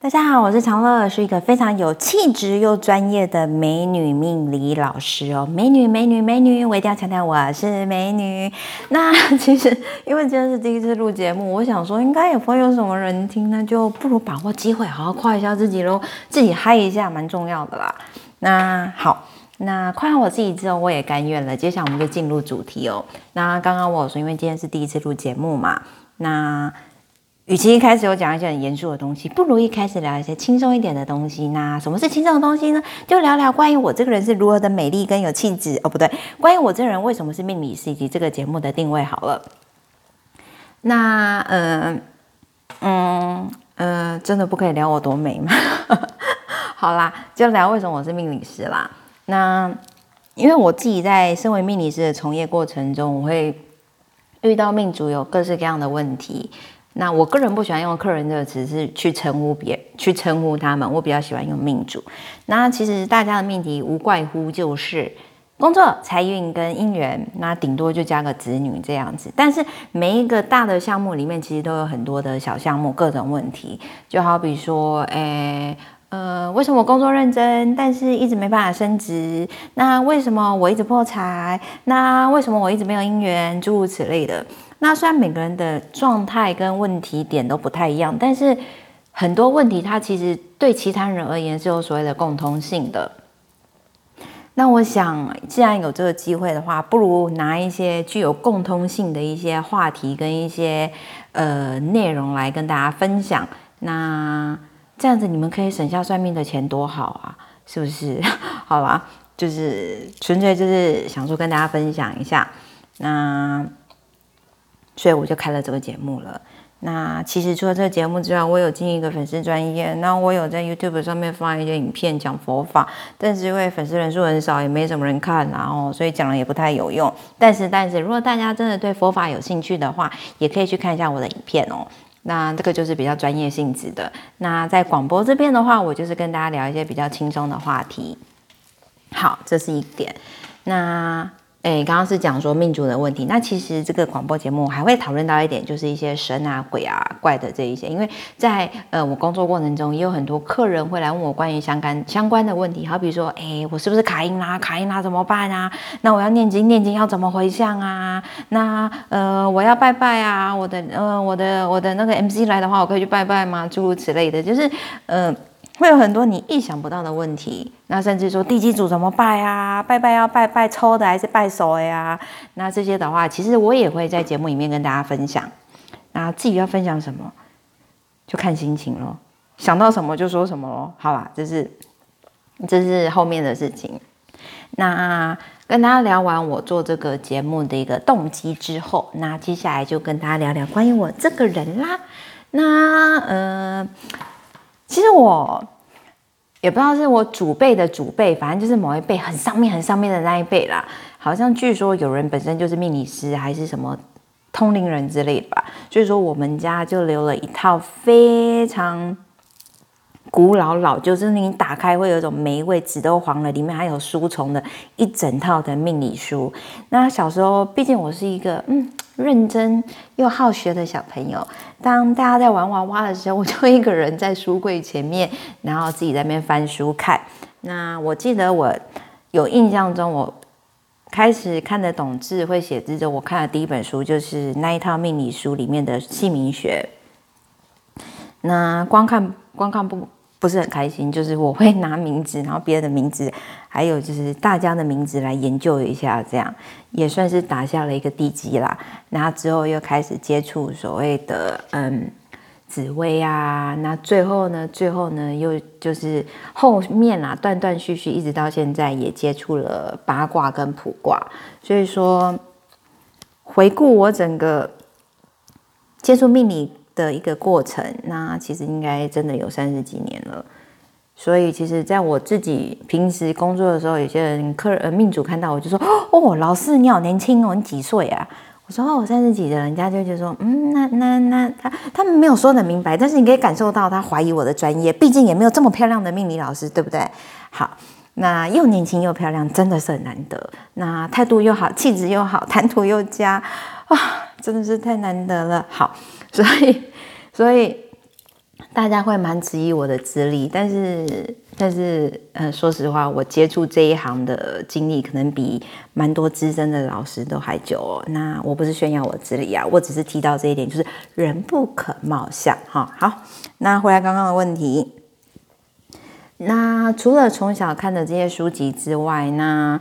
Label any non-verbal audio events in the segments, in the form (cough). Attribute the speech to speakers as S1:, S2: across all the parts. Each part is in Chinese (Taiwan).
S1: 大家好，我是長樂，是一個非常有氣質又專業的美女命理老師哦。美女，美女，美女，我一定要強調我是美女。那其實，因為今天是第一次錄節目，我想說應該也不會有什麼人聽呢，那就不如把握機會好好誇一下自己咯，自己嗨一下，蠻重要的啦。那好，那誇完我自己之後，我也甘願了。接下來我們就進入主題哦。那剛剛我有說，因為今天是第一次錄節目嘛，那。與其一開始有講一些很嚴肅的東西，不如一開始聊一些輕鬆一點的東西。那什麼是輕鬆的東西呢？就聊聊關於我這個人是如何的美麗跟有氣質哦，不對，關於我這個人為什麼是命理師以及這個節目的定位好了。那、呃、嗯嗯嗯、呃，真的不可以聊我多美嗎？ (laughs) 好啦，就聊為什麼我是命理師啦。那因為我自己在身為命理師的從業過程中，我會遇到命主有各式各樣的問題。那我個人不喜歡用“客人”的詞是去稱呼別去稱呼他們。我比較喜歡用命主。那其實大家的命題無怪乎就是工作、財運跟姻緣，那頂多就加個子女這樣子。但是每一個大的項目裡面，其實都有很多的小項目，各種問題。就好比說，誒、欸。呃，為什麼我工作認真，但是一直沒辦法升職？那為什麼我一直破財？那為什麼我一直沒有姻緣？諸如此類的。那雖然每個人的狀態跟問題點都不太一樣，但是很多問題它其實對其他人而言是有所謂的共通性的。那我想，既然有這個機會的話，不如拿一些具有共通性的一些話題跟一些呃內容來跟大家分享。那。這樣子你們可以省下算命的錢，多好啊！是不是？ (laughs) 好啦，就是純粹就是想說跟大家分享一下。那所以我就開了這個節目了。那其實除了這個節目之外，我有進一個粉絲專業，那我有在 YouTube 上面放一些影片講佛法。但是因為粉絲人數很少，也沒什麼人看、啊哦，然後所以講了也不太有用。但是，但是如果大家真的對佛法有興趣的話，也可以去看一下我的影片哦。那這個就是比較專業性質的。那在廣播這邊的話，我就是跟大家聊一些比較輕鬆的話題。好，這是一點。那。哎，剛剛是講說命主的問題，那其實這個廣播節目我還會討論到一點，就是一些神啊、鬼啊、怪的這一些，因為在呃我工作過程中，也有很多客人會來問我關於相關相關的問題，好比如說，哎，我是不是卡陰啦、啊？卡陰啦、啊、怎麼辦啊？那我要念經，念經要怎麼回向啊？那呃，我要拜拜啊，我的呃，我的我的那個 MC 來的話，我可以去拜拜嗎？諸如此類的，就是、呃會有很多你意想不到的問題，那甚至說地基主怎麼拜啊？拜拜要、啊、拜拜抽的還是拜手呀、啊，那這些的話，其實我也會在節目裡面跟大家分享。那自己要分享什麼，就看心情咯，想到什麼就說什麼咯。好吧，這是這是後面的事情。那跟大家聊完我做這個節目的一個動機之後，那接下來就跟大家聊聊關於我這個人啦。那呃。其實我也不知道是我祖輩的祖輩，反正就是某一輩很上面、很上面的那一輩啦。好像據說有人本身就是命理師，還是什麼通靈人之類的吧。所以說，我們家就留了一套非常古老、老、老就是你打開會有一種霉味，紙都黃了，裡面還有書蟲的一整套的命理書。那小時候，畢竟我是一個嗯。認真又好學的小朋友，當大家在玩娃娃的時候，我就一個人在書櫃前面，然後自己在那邊翻書看。那我記得我有印象中，我開始看得懂字、會寫字之後，我看的第一本書就是那一套命理書裡面的姓名學。那光看光看不。不是很開心，就是我會拿名字，然後別人的名字，還有就是大家的名字來研究一下，這樣也算是打下了一個地基啦。那之後又開始接觸所謂的嗯紫微啊，那最後呢，最後呢又就是後面啊斷斷續續一直到現在也接觸了八卦跟卜卦。所以說回顧我整個接觸命理，的一個過程，那其實應該真的有三十幾年了。所以，其實在我自己平時工作的時候，有些人客呃命主看到我就說：“哦，老師，你好年輕哦，你幾歲啊？”我說：“哦，我三十幾的人。”人家就就說：“嗯，那那那他他們沒有說得明白，但是你可以感受到他懷疑我的專業，畢竟也沒有這麼漂亮的命理老師，對不對？好，那又年輕又漂亮，真的是很難得。那態度又好，氣質又好，談吐又佳，啊、哦，真的是太難得了。好。所以，所以大家會蠻質疑我的資歷，但是，但是，嗯、呃，說實話，我接觸這一行的經歷可能比蠻多資深的老師都還久哦。那我不是炫耀我資歷啊，我只是提到這一點，就是人不可貌相，哈、哦。好，那回來剛剛的問題，那除了從小看的這些書籍之外，那。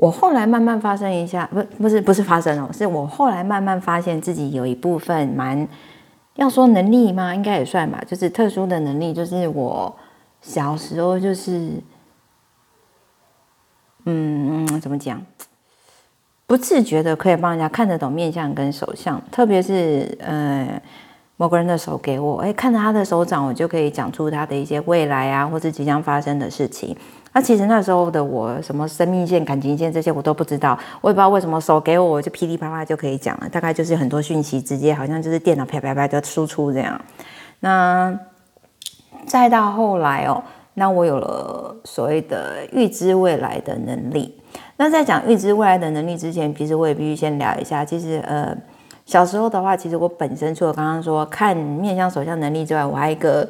S1: 我後來慢慢發生一下，不，不是，不是發生了，是我後來慢慢發現自己有一部分蠻，要說能力嗎？應該也算吧，就是特殊的能力，就是我小時候就是嗯，嗯，怎麼講？不自覺的可以幫人家看得懂面相跟手相，特別是呃，某個人的手給我，哎，看着他的手掌，我就可以講出他的一些未來啊，或者即將發生的事情。那、啊、其實那時候的我，什麼生命線、感情線這些我都不知道，我也不知道為什麼手給我，我就噼里啪啦就可以講了，大概就是很多訊息直接好像就是電腦啪啪啪就輸出這樣。那再到後來哦，那我有了所謂的預知未來的能力。那在講預知未來的能力之前，其實我也必須先聊一下，其實呃，小時候的話，其實我本身除了剛剛說看面相手相能力之外，我還有一個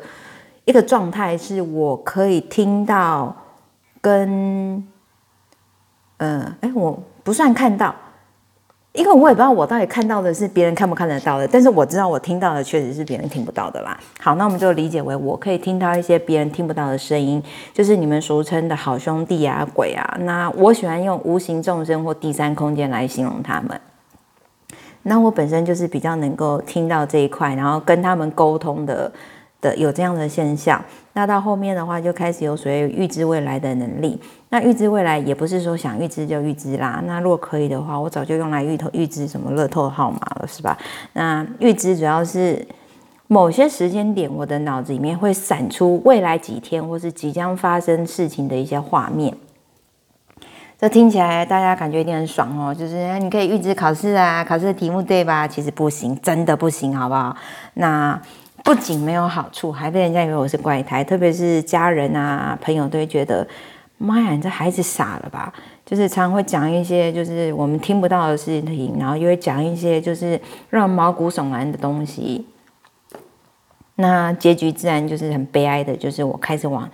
S1: 一個狀態是我可以聽到。跟，嗯、呃，哎，我不算看到，因為我也不知道我到底看到的是別人看不看得到的，但是我知道我聽到的確實是別人聽不到的啦。好，那我們就理解為我可以聽到一些別人聽不到的聲音，就是你們俗稱的好兄弟啊、鬼啊。那我喜歡用無形眾生或第三空間來形容他們。那我本身就是比較能夠聽到這一塊，然後跟他們溝通的。的有這樣的現象，那到後面的話就開始有所謂預知未來的能力。那預知未來也不是說想預知就預知啦。那若可以的話，我早就用來預頭預知什麼樂透號碼了，是吧？那預知主要是某些時間點，我的腦子裡面會閃出未來幾天或是即將發生事情的一些畫面。這聽起來大家感覺一定很爽哦，就是你可以預知考試啊，考試的題目對吧？其實不行，真的不行，好不好？那。不僅沒有好處，還被人家以為我是怪胎，特別是家人啊、朋友都會覺得，媽呀，你這孩子傻了吧？就是常會講一些就是我們聽不到的事情，然後又會講一些就是讓毛骨悚然的東西。那結局自然就是很悲哀的，就是我開始往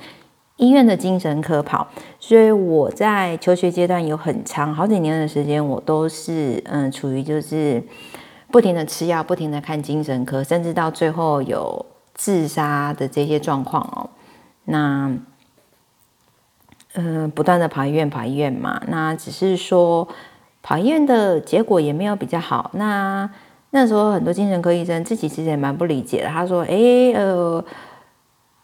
S1: 醫院的精神科跑。所以我在求學階段有很長好幾年的時間，我都是嗯，處於就是。不停的吃藥，不停的看精神科，甚至到最後有自殺的這些狀況哦。那，嗯、呃，不斷的跑醫院，跑醫院嘛。那只是說，跑醫院的結果也沒有比較好。那那時候很多精神科醫生自己其實也蠻不理解的。他說：“哎、欸，呃，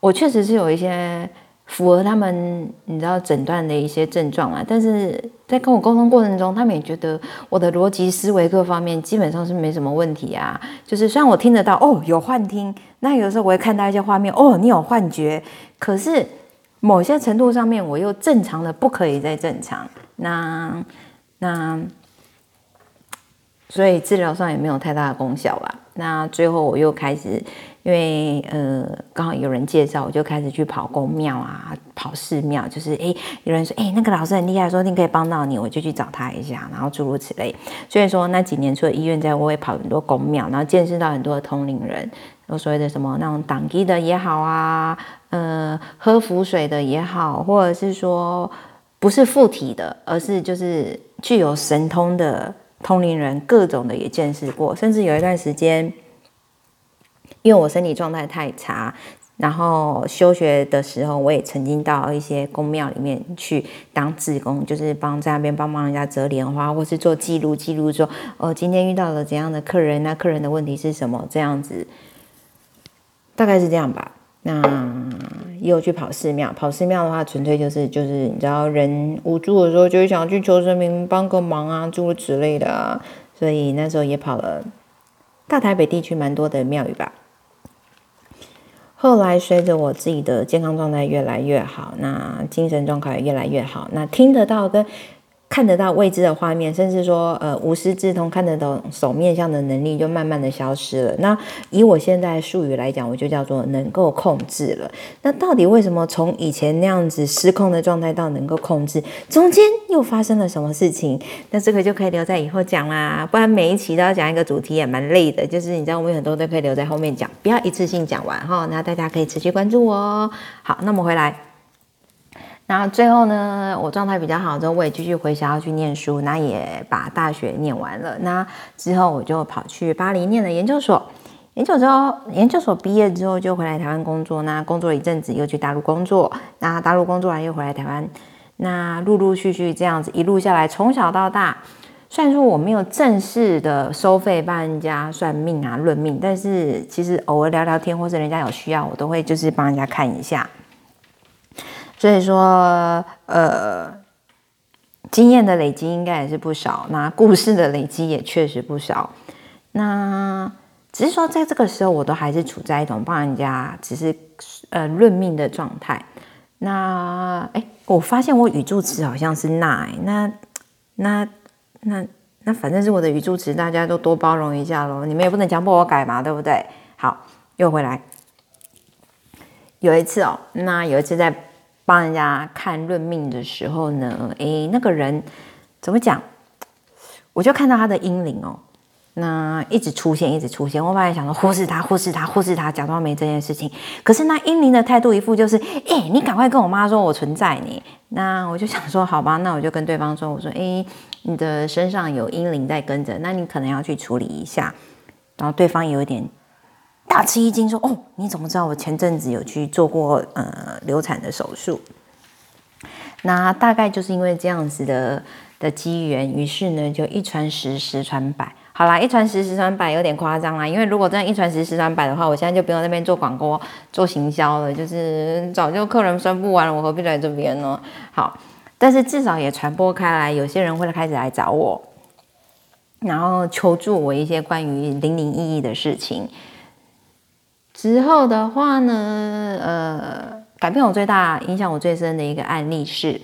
S1: 我確實是有一些。”符合他們，你知道診斷的一些症狀啊。但是在跟我溝通過程中，他們也覺得我的邏輯思維各方面基本上是沒什麼問題啊。就是雖然我聽得到，哦，有幻聽，那有時候我會看到一些畫面，哦，你有幻覺，可是某些程度上面我又正常的不可以再正常。那那，所以治療上也沒有太大的功效了。那最後我又開始。因為呃，剛好有人介紹，我就開始去跑宮廟啊，跑寺廟。就是誒，有人說誒，那個老師很厲害，說你可以幫到你，我就去找他一下，然後諸如此類。所以說那幾年出了醫院，在我也跑很多宮廟，然後見識到很多的通靈人，有所謂的什麼那種擋機的也好啊，呃，喝符水的也好，或者是說不是附體的，而是就是具有神通的通靈人，各種的也見識過，甚至有一段時間。因為我身體狀態太差，然後休學的時候，我也曾經到一些宮廟裡面去當志工，就是幫在那邊幫忙人家折蓮花，或是做記錄，記錄說哦，今天遇到了怎樣的客人，那客人的問題是什麼，這樣子，大概是這樣吧。那也有去跑寺廟，跑寺廟的話，純粹就是就是你知道人無助的時候，就是想去求神明幫個忙啊，諸如此類的啊，所以那時候也跑了大台北地區蠻多的廟宇吧。後來隨着我自己的健康狀態越來越好，那精神狀態也越來越好，那聽得到跟。看得到未知的畫面，甚至說，呃，無師自通看得懂手面相的能力，就慢慢的消失了。那以我現在術語來講，我就叫做能夠控制了。那到底為什麼從以前那樣子失控的狀態到能夠控制，中間又發生了什麼事情？那這個就可以留在以後講啦，不然每一期都要講一個主題也蠻累的。就是你知道，我們很多人都可以留在後面講，不要一次性講完哈。那大家可以持續關注我、喔、哦。好，那我們回來。然後最後呢，我狀態比較好之後，我也繼續回學校去念書，那也把大學念完了。那之後我就跑去巴黎念了研究所，研究所研究所，畢業之後就回來台灣工作。那工作了一陣子又去大陸工作，那大陸工作完又回來台灣，那陸陸續續這樣子一路下來，從小到大，雖然說我沒有正式的收費幫人家算命啊論命，但是其實偶爾聊聊天或者人家有需要，我都會就是幫人家看一下。所以說，呃，經驗的累積應該也是不少，那故事的累積也確實不少。那只是說，在這個時候，我都還是處在一種幫人家只是呃論命的狀態。那哎，我發現我語助詞好像是那欸那那那那，那，那反正是我的語助詞，大家都多包容一下嘍。你們也不能強迫我改嘛，對不對？好，又回來。有一次哦，那有一次在。幫人家看論命的時候呢，誒，那個人怎麼講？我就看到他的陰靈哦，那一直出現，一直出現。我本來想說忽視他，忽視他，忽視他，假裝沒這件事情。可是那陰靈的態度一副就是，誒，你趕快跟我媽說我存在呢。那我就想說，好吧，那我就跟對方說，我說，誒，你的身上有陰靈在跟着，那你可能要去處理一下。然後對方有一點。大吃一驚，說：“哦，你怎麼知道我前陣子有去做過呃流產的手術？那大概就是因為這樣子的的機緣，於是呢就一傳十，十傳百。好啦，一傳十，十傳百有點誇張啦。因為如果真的一傳十，十傳百的話，我現在就不用在那邊做廣告、做行銷了，就是早就客人算不完了，我何必來這邊呢？好，但是至少也傳播開來，有些人會開始來找我，然後求助我一些關於靈靈異異的事情。”之後的話呢，呃，改變我最大、影響我最深的一個案例是，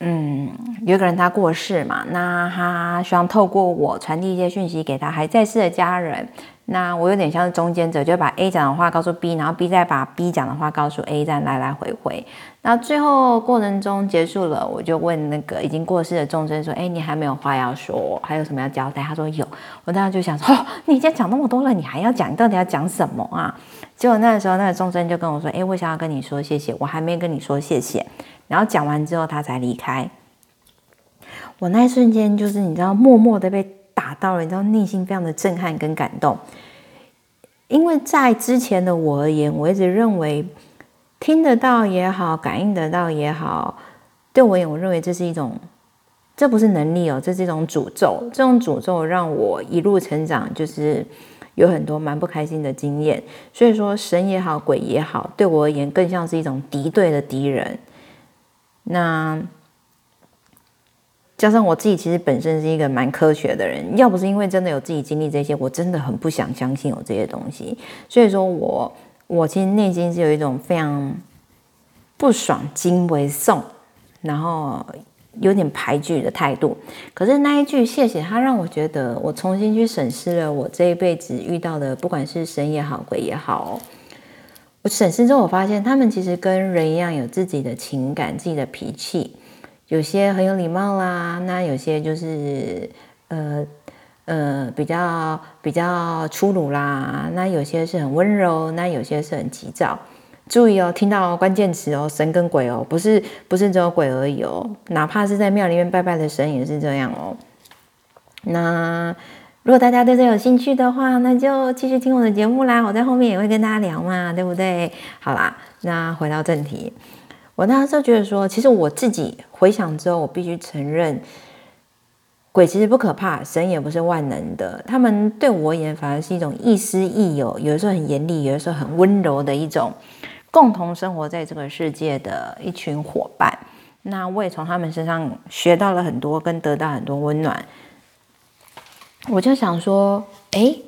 S1: 嗯，有個人他過世嘛，那他希望透過我傳遞一些訊息給他還在世的家人。那我有點像是中間者，就把 A 講的話告訴 B，然後 B 再把 B 講的話告訴 A，再來來回回。那最後過程中結束了，我就問那個已經過世的眾生說：“哎，你還沒有話要說，還有什麼要交代？”他說：“有。”我當時就想說：“哦，你已經講那麼多了，你還要講？你到底要講什麼啊？”結果那個時候那個眾生就跟我說：“哎，我想要跟你說謝謝，我還沒跟你說謝謝。”然後講完之後他才離開。我那一瞬間就是你知道，默默的被。打到了，你知道內心非常的震撼跟感動，因為在之前的我而言，我一直認為聽得到也好，感應得到也好，對我也我認為這是一種，這不是能力哦，這是一種詛咒。這種詛咒讓我一路成長，就是有很多蠻不開心的經驗。所以說，神也好，鬼也好，對我而言，更像是一種敵對的敵人。那。加上我自己其實本身是一個蠻科學的人，要不是因為真的有自己經歷這些，我真的很不想相信有這些東西。所以說我我其實內心是有一種非常不爽、驚為宋，然後有點排拒的態度。可是那一句謝謝，他讓我覺得我重新去審視了我這一輩子遇到的，不管是神也好、鬼也好，我審視之後，我發現他們其實跟人一樣，有自己的情感、自己的脾氣。有些很有禮貌啦，那有些就是呃呃比較比較粗魯啦，那有些是很溫柔，那有些是很急躁。注意哦，聽到關鍵詞哦，神跟鬼哦，不是不是只有鬼而已哦，哪怕是在廟裡面拜拜的神也是這樣哦。那如果大家對這有興趣的話，那就繼續聽我的節目啦。我在後面也會跟大家聊嘛，對不對？好啦，那回到正題。我那時候覺得說，其實我自己回想之後，我必須承認，鬼其實不可怕，神也不是萬能的。他們對我而言，反而是一種亦師亦友，有的時候很嚴厲，有的時候很溫柔的一種共同生活在這個世界的一群伙伴。那我也從他們身上學到了很多，跟得到很多溫暖。我就想說，哎、欸。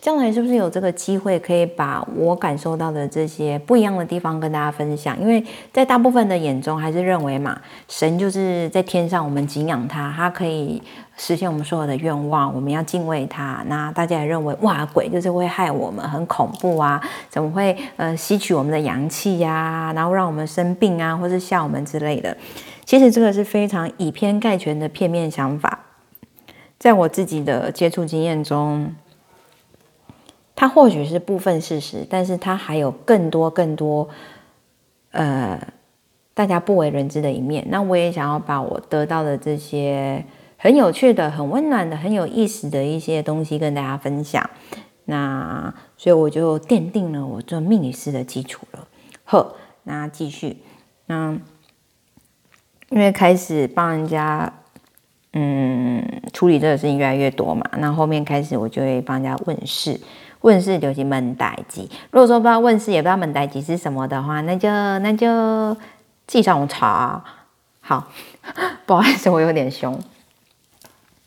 S1: 將來是不是有這個機會，可以把我感受到的這些不一樣的地方跟大家分享？因為在大部分的眼中，還是認為嘛，神就是在天上，我們敬仰他，他可以實現我們所有的願望，我們要敬畏他。那大家也認為，哇，鬼就是會害我們，很恐怖啊，怎麼會呃吸取我們的陽氣呀啊，然後讓我們生病啊，或是嚇我們之類的。其實這個是非常以偏概全的片面想法。在我自己的接觸經驗中。它或許是部分事實，但是它還有更多、更多，呃，大家不為人知的一面。那我也想要把我得到的這些很有趣的、很溫暖的、很有意思的一些東西跟大家分享。那所以我就奠定了我做命理師的基礎了。呵，那繼續，那因為開始幫人家嗯處理這個事情越來越多嘛，那後面開始我就會幫人家問事。問事就是問代誌。如果說不知道問事，也不知道問代誌是什麼的話，那就那就自己上網查啊。好，不好意思，我有點凶。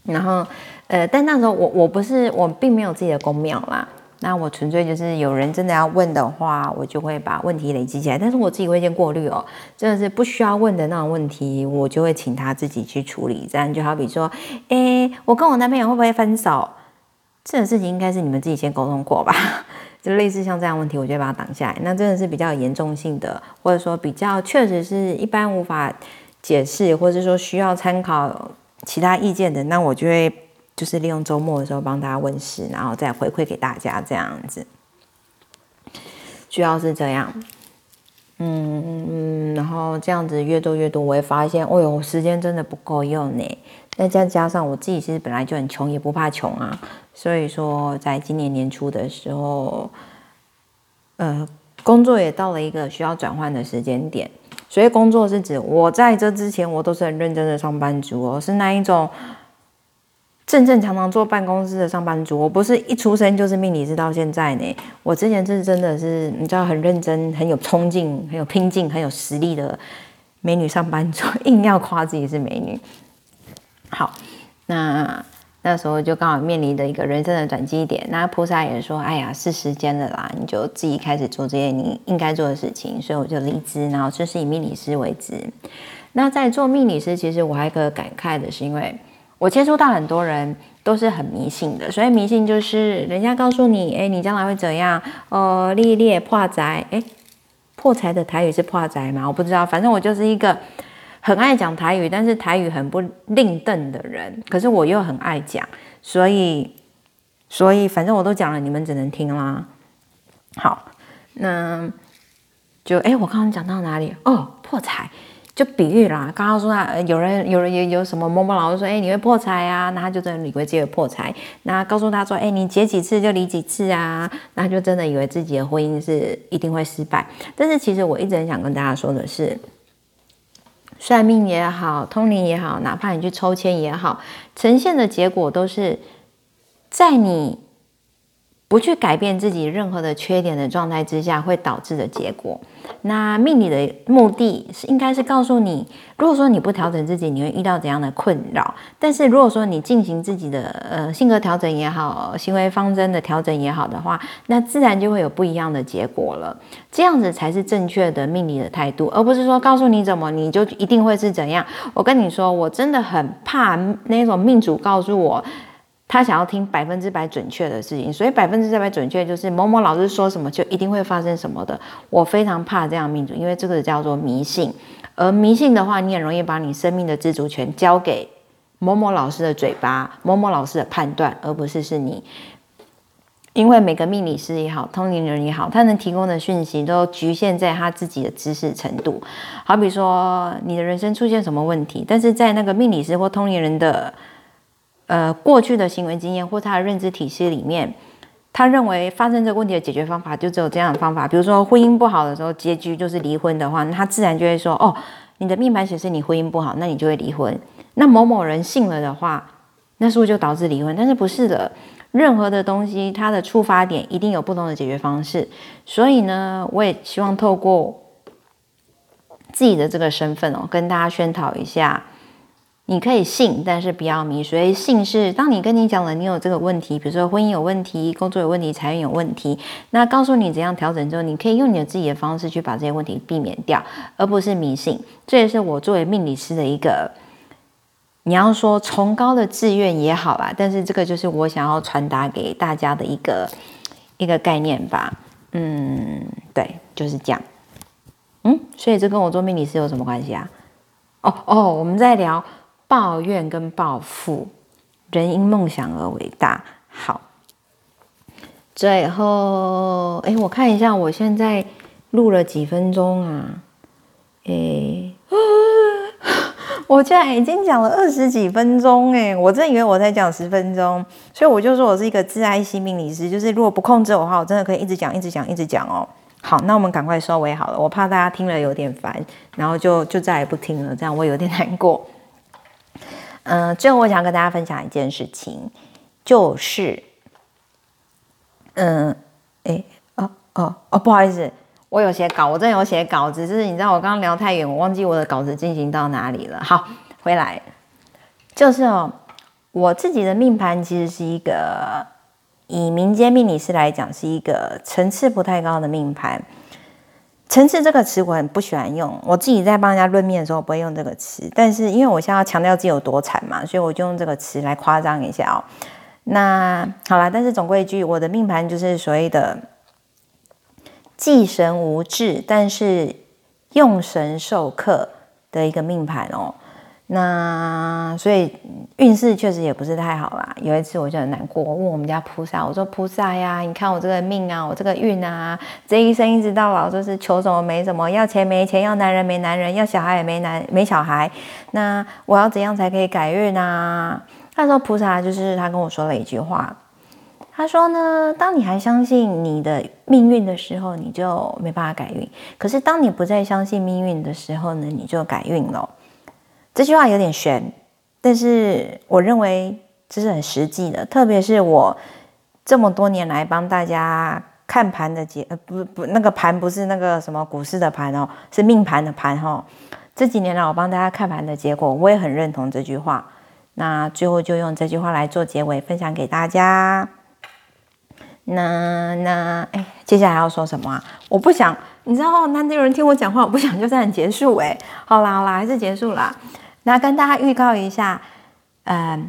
S1: 然後，呃，但那時候我我不是我並沒有自己的宮廟啦。那我純粹就是有人真的要問的話，我就會把問題累積起來。但是我自己會先過濾喔，真的是不需要問的那種問題，我就會請他自己去處理。這樣就好比說，欸，我跟我男朋友會不會分手？這種事情應該是你們自己先溝通過吧？就類似像這樣的問題，我就會把它擋下來。那真的是比較嚴重性的，或者說比較確實是一般無法解釋，或者是說需要參考其他意見的，那我就會就是利用周末的時候幫大家問事，然後再回饋給大家這樣子。主要是這樣，嗯嗯，然後這樣子越做越多，我會發現，哎喲，我時間真的不夠用呢。那再加上我自己其實本來就很窮，也不怕窮啊。所以說，在今年年初的時候，呃，工作也到了一個需要轉換的時間點。所以工作是指我在這之前，我都是很認真的上班族哦，是那一種正正常常坐辦公室的上班族。我不是一出生就是命理師，到現在呢。我之前是真的是，你知道，很認真、很有衝勁、很有拼勁、很有實力的美女上班族，硬要誇自己是美女。好，那。那時候就剛好面臨的一個人生的轉機點，那菩薩也說：“哎呀，是時間的啦，你就自己開始做這些你應該做的事情。”所以我就離職，然後就是以命理師為職。那在做命理師，其實我還可以感慨的是，因為我接觸到很多人都是很迷信的，所以迷信就是人家告訴你：“哎，你將來會怎樣？”呃，歷練破宅。哎，破財的台語是破宅嗎？我不知道，反正我就是一個。很愛講台語，但是台語很不令鄧的人，可是我又很愛講，所以，所以反正我都講了，你們只能聽啦。好，那就哎，我剛剛講到哪裡？哦，破財就比喻啦。剛剛說他、呃、有人，有人有有什麼某某老師說，哎，你會破財啊？那他就真的理會，結為破財。那告訴他說，哎，你結幾次就離幾次啊？那就真的以為自己的婚姻是一定會失敗。但是其實我一直很想跟大家說的是。算命也好，通靈也好，哪怕你去抽籤也好，呈現的結果都是在你。不去改變自己任何的缺點的狀態之下，會導致的結果。那命理的目的是，是應該是告訴你，如果說你不調整自己，你會遇到怎樣的困擾。但是如果說你進行自己的呃性格調整也好，行為方針的調整也好的話，那自然就會有不一樣的結果了。這樣子才是正確的命理的態度，而不是說告訴你怎麼，你就一定會是怎樣。我跟你說，我真的很怕那種命主告訴我。他想要聽百分之百準確的事情，所以百分之百準確就是某某老師說什麼就一定會發生什麼的。我非常怕這樣命主，因為這個叫做迷信。而迷信的話，你很容易把你生命的自主權交給某某老師的嘴巴、某某老師的判斷，而不是是你。因為每個命理師也好，通靈人也好，他能提供的訊息都局限在他自己的知識程度。好比說，你的人生出現什麼問題，但是在那個命理師或通靈人的。呃，過去的行為經驗或他的認知體系裡面，他認為發生這個問題的解決方法就只有這樣的方法，比如說，婚姻不好的時候，結局就是離婚的話，那他自然就會說：“哦，你的命盤顯示你婚姻不好，那你就會離婚。”那某某人信了的話，那是不是就導致離婚？但是不是的，任何的東西它的觸發點一定有不同的解決方式。所以呢，我也希望透過自己的這個身份哦，跟大家宣討一下。你可以信，但是不要迷信。所以信是當你跟你講了你有這個問題，比如說婚姻有問題、工作有問題、財運有問題，那告訴你怎樣調整之後，你可以用你自己的方式去把這些問題避免掉，而不是迷信。這也是我作為命理師的一個，你要說崇高的志願也好吧？但是這個就是我想要傳達給大家的一個一個概念吧。嗯，對，就是這樣。嗯，所以這跟我做命理師有什麼關係啊？哦哦，我們在聊。抱怨跟抱負，人因夢想而偉大。好，最後，哎，我看一下，我現在錄了幾分鐘啊？誒，我竟然已經講了二十幾分鐘哎！我真的以為我在講十分鐘，所以我就說，我是一個自愛心命理師，就是如果不控制我的話，我真的可以一直講、一直講、一直講哦。好，那我們趕快收尾好了，我怕大家聽了有點煩，然後就就再也不聽了，這樣我有點難過。嗯，最後我想跟大家分享一件事情，就是，嗯，哎，哦哦哦，不好意思，我有寫稿，我真有寫稿子，就是，你知道我剛剛聊太遠，我忘記我的稿子進行到哪裡了。好，回來，就是哦，我自己的命盤其實是一個，以民間命理師來講，是一個層次不太高的命盤。層次這個詞我很不喜歡用，我自己在幫人家論命的時候不會用這個詞，但是因為我現在要強調自己有多慘嘛，所以我就用這個詞來誇張一下哦。那好啦，但是總歸一句，我的命盤就是所謂的忌神無制，但是用神受克的一個命盤哦。那所以運勢確實也不是太好啦。有一次，我就很難過，我問我們家菩薩：“我說菩薩呀、啊，你看我這個命啊，我這個運啊，這一生一直到老，就是求什麼沒什麼，要錢沒錢，要男人沒男人，要小孩也沒男沒小孩。那我要怎樣才可以改運啊？”他說：“菩薩就是他跟我說了一句話，他說呢，當你還相信你的命運的時候，你就沒辦法改運；可是當你不再相信命運的時候呢，你就改運了。”這句話有點懸，但是我認為這是很實際的，特別是我這麼多年來幫大家看盤的結呃，不不，那個盤不是那個什麼股市的盤哦，是命盤的盤哦，這幾年來我幫大家看盤的結果，我也很認同這句話。那最後就用這句話來做結尾，分享給大家。那那哎，接下來要說什麼啊？我不想。你知道，那有人聽我講話，我不想就這樣結束哎、欸。好啦好啦，還是結束啦。那跟大家預告一下，嗯、呃，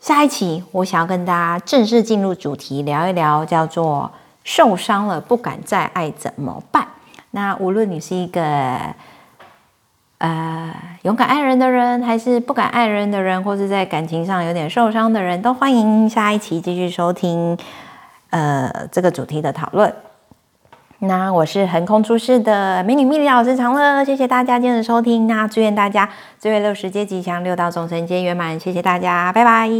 S1: 下一期我想要跟大家正式進入主題，聊一聊叫做“受傷了不敢再愛怎麼辦”。那無論你是一個呃勇敢愛人的人，還是不敢愛人的人，或是在感情上有點受傷的人，都歡迎下一期繼續收聽呃這個主題的討論。那我是橫空出世的美女命理老師常樂，謝謝大家今日的收聽，啊，那祝願大家諸位六十皆吉祥，六道眾生皆圓滿，謝謝大家，拜拜。